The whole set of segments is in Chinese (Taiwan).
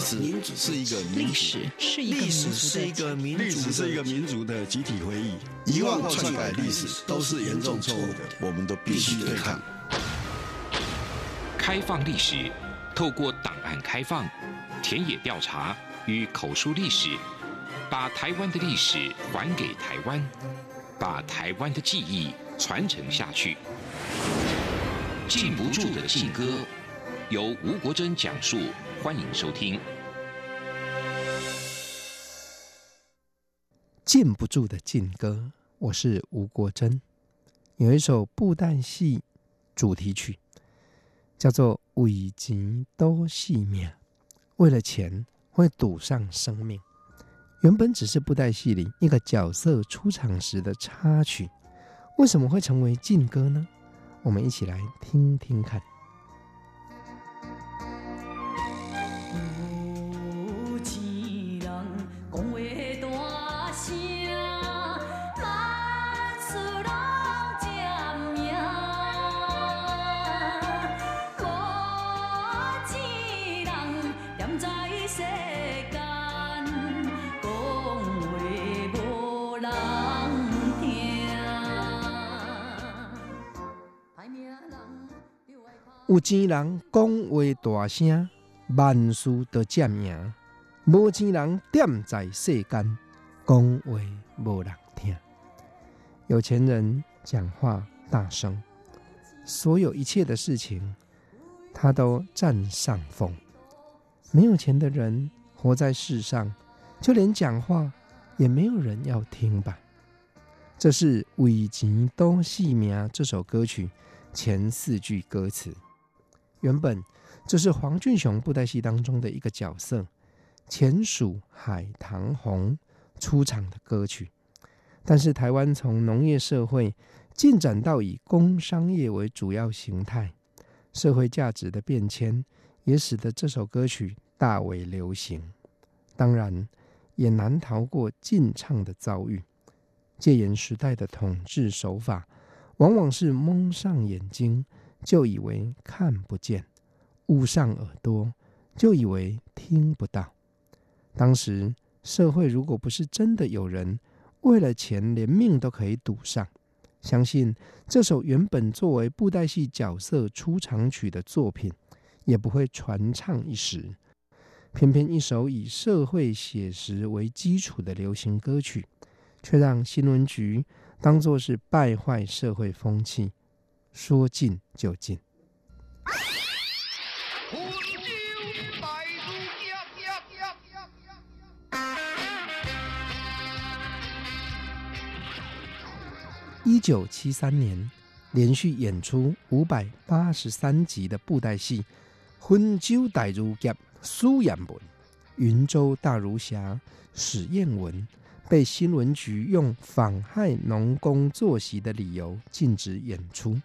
歷史，史，史是一個民族的是一個民族的集體回憶，遺忘或篡改歷史都是嚴重錯誤的，我們都必須對抗。開放歷史，透過檔案開放、田野調查與口述歷史，把台灣的歷史還給台灣，把台灣的記憶傳承下去。禁不住的禁歌，由吳國珍講述。歡迎收聽。禁不住的禁歌，我是吳國珍。有一首布袋戲主題曲，叫做《為錢賭性命》，為了錢會賭上生命。原本只是布袋戲裡一個角色出場時的插曲，為什麼會成為禁歌呢？我們一起來聽聽看。有錢人講話大聲，萬事都占贏；沒錢人踮在世間，講話無人聽。有錢人講話大聲，所有一切的事情他都占上風。沒有錢的人活在世上，就連講話也沒有人要聽吧？這是《為錢賭性命》這首歌曲前四句歌詞。原本這是黃俊雄布袋戲當中的一個角色“錢鼠海棠紅”出場的歌曲，但是台灣從農業社會進展到以工商業為主要形態，社會價值的變遷也使得這首歌曲大為流行，當然也難逃過禁唱的遭遇。戒嚴時代的統治手法往往是蒙上眼睛。就以為看不見，捂上耳朵，就以為聽不到。當時社會如果不是真的有人為了錢連命都可以賭上，相信這首原本作為布袋戲角色出場曲的作品也不會傳唱一時。偏偏一首以社會寫實為基礎的流行歌曲，卻讓新聞局當作是敗壞社會風氣。說禁就禁。一九七三年，連續演出五百八十三集的布袋戲《溫州大儒俠》蘇艷文、雲州大儒俠史艷文，被新聞局用妨害農工作息的理由禁止演出。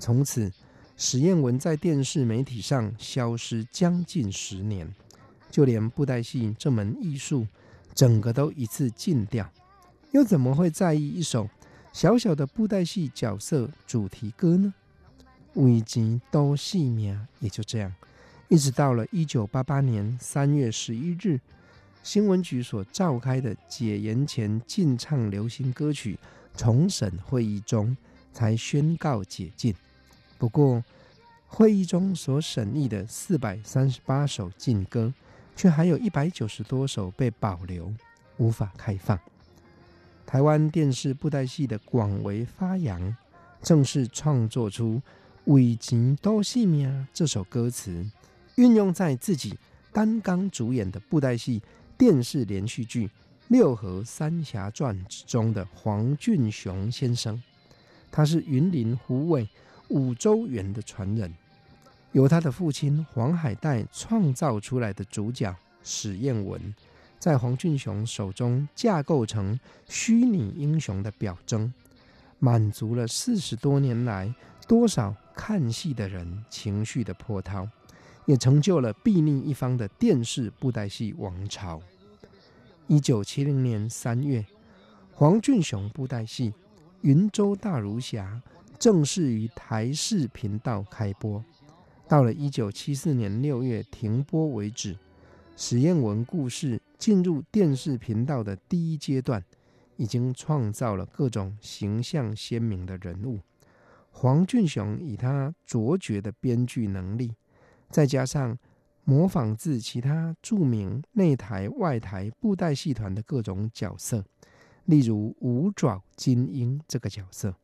從此，史艷文在電視媒體上消失將近十年，就連布袋戲這門藝術，整個都一次禁掉，又怎麼會在意一首小小的布袋戲角色主題歌呢？烏及都熄滅，也就這樣，一直到了一九八八年三月十一日，新聞局所召開的解嚴前禁唱流行歌曲重審會議中，才宣告解禁。不過，會議中所審議的四百三十八首禁歌，卻還有一百九十多首被保留，無法開放。台灣電視布袋戲的廣為發揚，正是創作出“為錢賭性命啊”這首歌詞，運用在自己擔綱主演的布袋戲電視連續劇《六合三俠傳》之中的黃俊雄先生，他是雲林虎尾五洲園的傳人，由他的父親黃海岱創造出來的主角史艷文，在黃俊雄手中架構成虛擬英雄的表徵，滿足了四十多年來多少看戲的人情緒的波濤，也成就了睥睨一方的電視布袋戲王朝。一九七零年三月，黃俊雄布袋戲《雲州大儒俠》。正式於台視頻道開播，到了一九七四年六月停播為止，史艷文故事進入電視頻道的第一階段，已經創造了各種形象鮮明的人物。黃俊雄以他卓絕的編劇能力，再加上模仿自其他著名內台外台布袋戲團的各種角色，例如五爪金鷹這個角色。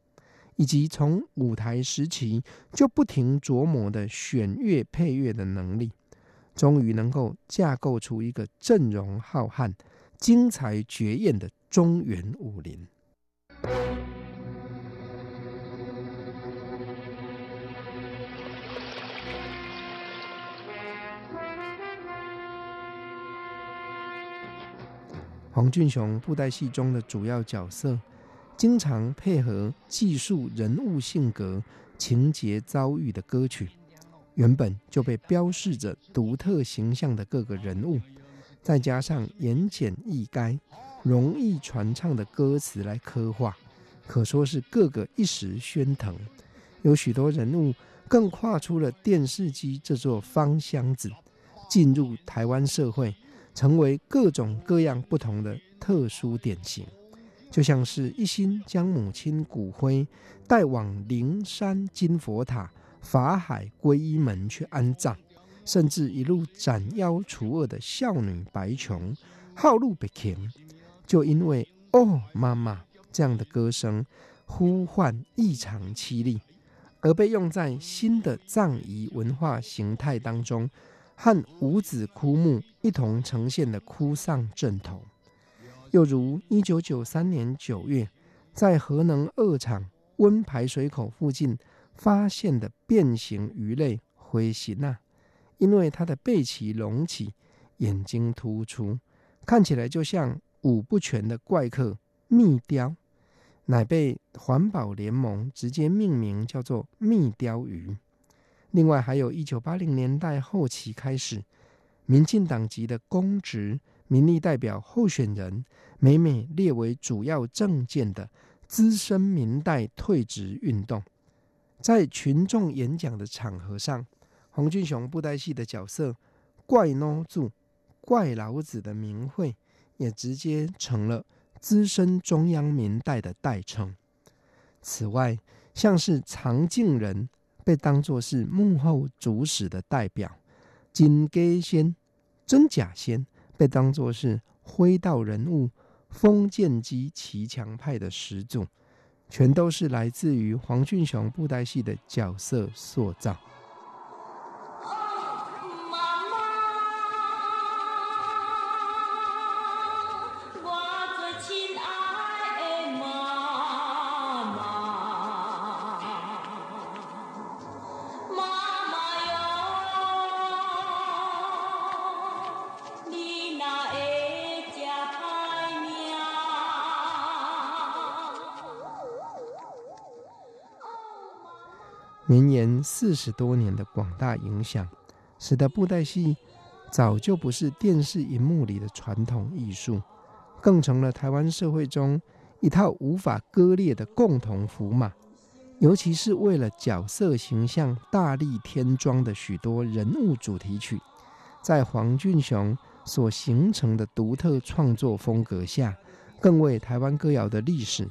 以及從舞台時期就不停琢磨的選樂配樂的能力，終於能夠架構出一個陣容浩瀚、精彩絕艷的中原武林。黃俊雄布袋戲中的主要角色，經常配合記述人物性格、情節遭遇的歌曲，原本就被標示着獨特形象的各個人物，再加上言簡意賅、容易傳唱的歌詞來刻畫，可說是個個一時喧騰。有許多人物更跨出了電視機這座方箱子，進入台灣社會，成為各種各樣不同的特殊典型。就像是一心將母親骨灰帶往靈山金佛塔法海皈依門去安葬，甚至一路斬妖除惡的孝女白瓊，好路不平，就因為哦媽媽這樣的歌聲呼喚異常淒厲，而被用在新的葬儀文化形態當中，和五子哭墓一同呈現的哭喪陣頭。又如，一九九三年九月，在核能二廠溫排水口附近發現的變形魚類灰鰭娜、啊，因為它的背鰭隆起、眼睛突出，看起來就像五不全的怪客秘雕，乃被環保聯盟直接命名叫做秘雕魚。另外，還有一九八零年代後期開始，民進黨籍的公職。民意代表候選人每每列為主要政見的資深民代退職運動，在群眾演講的場合上，黃俊雄布袋戲的角色“怪孬柱”、“怪老子”的名諱，也直接成了資深中央民代的代稱。此外，像是藏鏡人被當作是幕後主使的代表，金雞仙、真假仙，被當作是灰道人物、封建及騎牆派的始祖，全都是來自於黃俊雄布袋戲的角色塑造。綿延四十多年的廣大影響，使得布袋戲早就不是電視熒幕裡的傳統藝術，更成了台灣社會中一套無法割裂的共同符碼。尤其是為了角色形象大力添妝的許多人物主題曲，在黃俊雄所形成的獨特創作風格下，更為台灣歌謠的歷史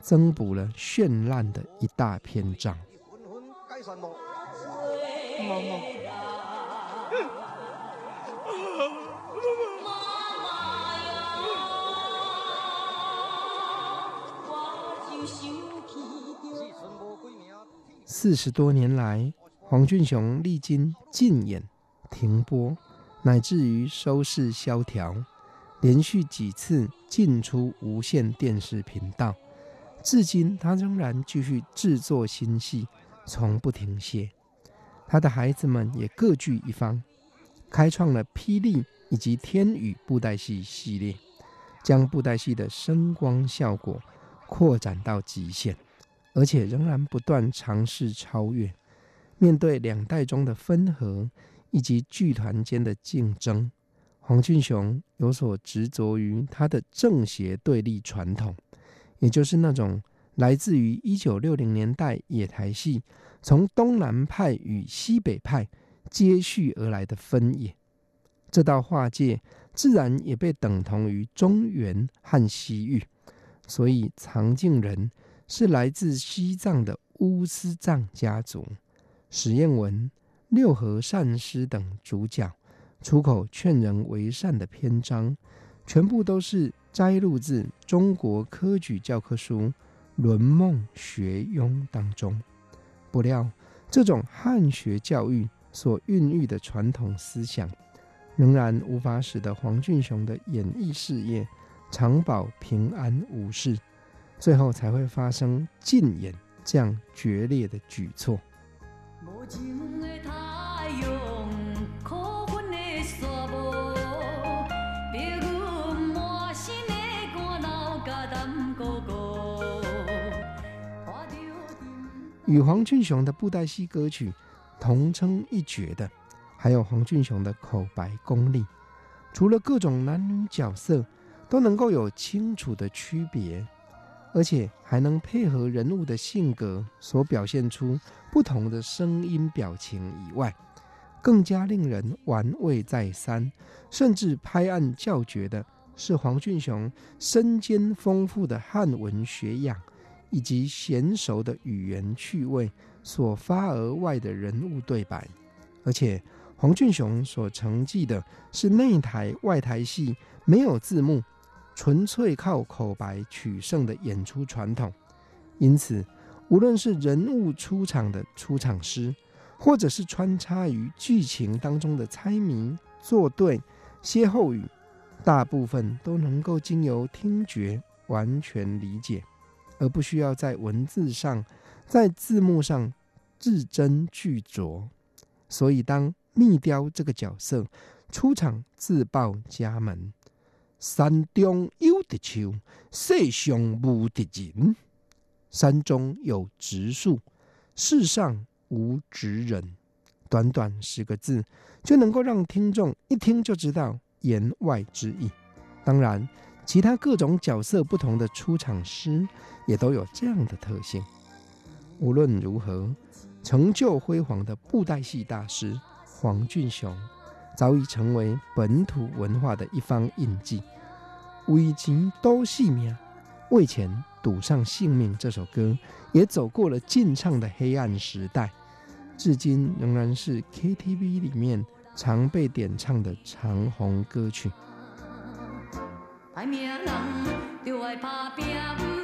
增補了絢爛的一大篇章。四十多年來，黃俊雄歷經禁演、停播，乃至於收視蕭條，連續幾次進出無線電視頻道，至今他仍然繼續製作新戲。從不停歇，他的孩子們也各據一方，開創了霹靂以及天宇布袋戲系、系列，將布袋戲的聲光效果擴展到極限，而且仍然不斷嘗試超越。面對兩代中的分合以及劇團間的競爭，黃俊雄有所執着於他的正邪對立傳統，也就是那種。來自於一九六零年代野台戲，從東南派與西北派接續而來的分野。這道畫界自然也被等同於中原和西域。所以，藏鏡人是來自西藏的烏斯藏家族。史艷文、六合善師等主角出口勸人為善的篇章，全部都是摘錄自中國科舉教科書。論孟學庸當中，不料這種漢學教育所孕育的傳統思想，仍然無法使得黃俊雄的演藝事業長保平安無事，最後才會發生禁演這樣決裂的舉措。與黃俊雄的布袋戲歌曲同稱一絕的，還有黃俊雄的口白功力。除了各種男女角色都能夠有清楚的區別，而且還能配合人物的性格所表現出不同的聲音表情以外，更加令人玩味再三，甚至拍案叫絕的是黃俊雄身兼豐富的漢文學養。以及嫻熟的語言趣味所發而外的人物對白，而且黃俊雄所承繼的是內台外台戲沒有字幕，純粹靠口白取勝的演出傳統。因此，無論是人物出場的出場詩，或者是穿插於劇情當中的猜謎、作對、歇後語，大部分都能夠經由聽覺完全理解。而不需要在文字上，在字幕上字斟句酌。所以當秘雕這個角色出場自報家門：“山中有直樹，世上無直人。山中有直樹，世上無直人。”短短十個字就能夠讓聽眾一聽就知道言外之意。當然。其他各種角色、不同的出場詩也都有這樣的特性。無論如何，成就輝煌的布袋戲大師黃俊雄，早已成為本土文化的一方印記。無怡勤都戲迷《為錢賭上性命》這首歌，也走過了禁唱的黑暗時代，至今仍然是 KTV 裡面常被點唱的長紅歌曲。歹命人，就愛拍拼。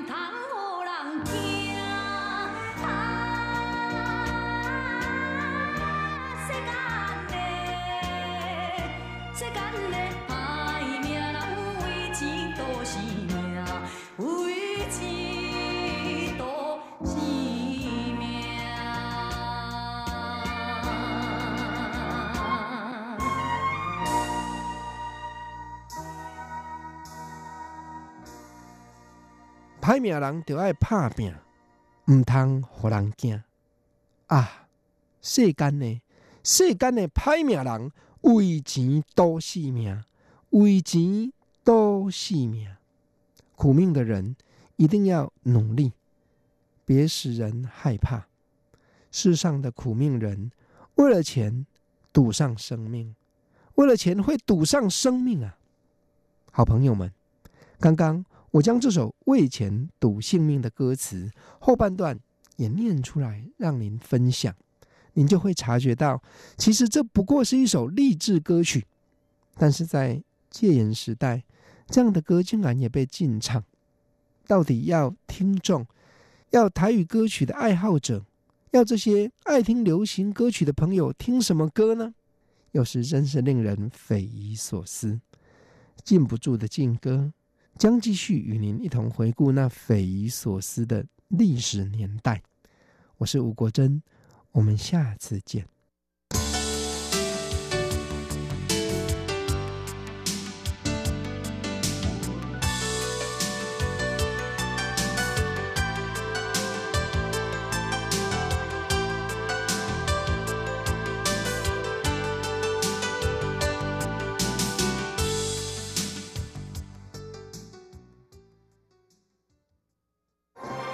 歹命人著愛拍拚，毋通互人驚啊！世間的，世間的，歹命人為錢賭性命，為錢賭性命。苦命的人一定要努力，別使人害怕。世上的苦命人為了錢賭上生命，為了錢會賭上生命啊！好朋友們，剛剛。我將這首為錢賭性命的歌詞後半段也念出來，讓您分享，您就會察覺到，其實這不過是一首勵志歌曲，但是在戒嚴時代，這樣的歌竟然也被禁唱。到底要聽眾，要台語歌曲的愛好者，要這些愛聽流行歌曲的朋友聽什麼歌呢？有時真是令人匪夷所思。禁不住的禁歌。將繼續與您一同回顧那匪夷所思的歷史年代。我是吳國珍，我們下次見。